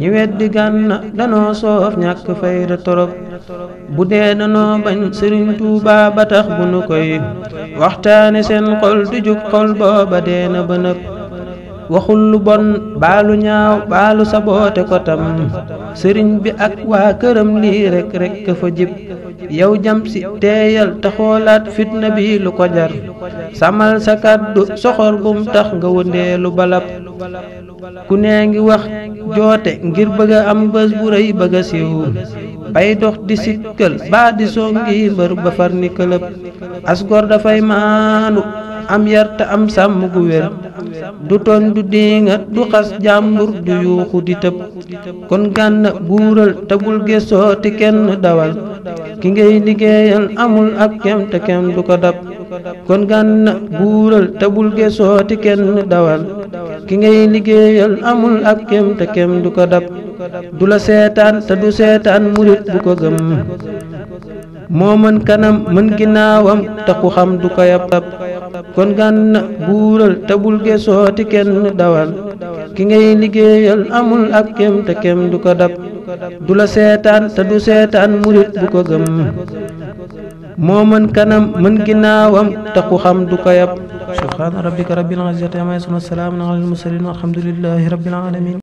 ñi di gànna danoo soof ñàkk fayda torop bu dee danoo bañ sëriñ tuuba ba tax bu nu koy waxtaane seen xol di jug xol booba dee na ba waxul lu bon baalu ñaaw baalu saboote ko tam sëriñ bi ak waa këram lii rek rek ka fa jib yow jam si teeyal te xoolaat fitna bi lu ko jar samal sa kàddu soxor gum tax nga wëndeelu balab ku nee ngi wax joote ngir bëgg am bës bu rëy bëgg a siiw bay dox di sikkal baa di soo mbër ba far ni këlëb asgor dafay maanu am yar te am sàmm gu wér du tooñ du diingat du xas jàmbur du yuuxu di tëb kon gànna buural te bul gëstoo te kenn dawal ki ngay liggéeyal amul ab kem te kem du ko dab kon gànna buural te bul gëstoo te kenn dawal ki ngay liggéeyal amul ak kem te kem du ko dab du la seetaan te du seetaan murit bu ko gëm moo mën kanam mën ginnaawam te ku xam du ko yab kon gànna buural te bul gesooti kenn dawal ki ngay liggéeyal amul ak kem te kem du ko dab du la seetaan te du seetaan murit bu ko gëm moo mën kanam mën ginnaawam te ku xam du ko yab subhaana rabbika rabbil izzati ammaa yasifuun wa salaamun alal mursaliin walhamdulillaahi rabbil aalamiin.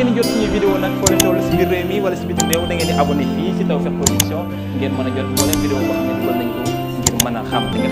ngeen jot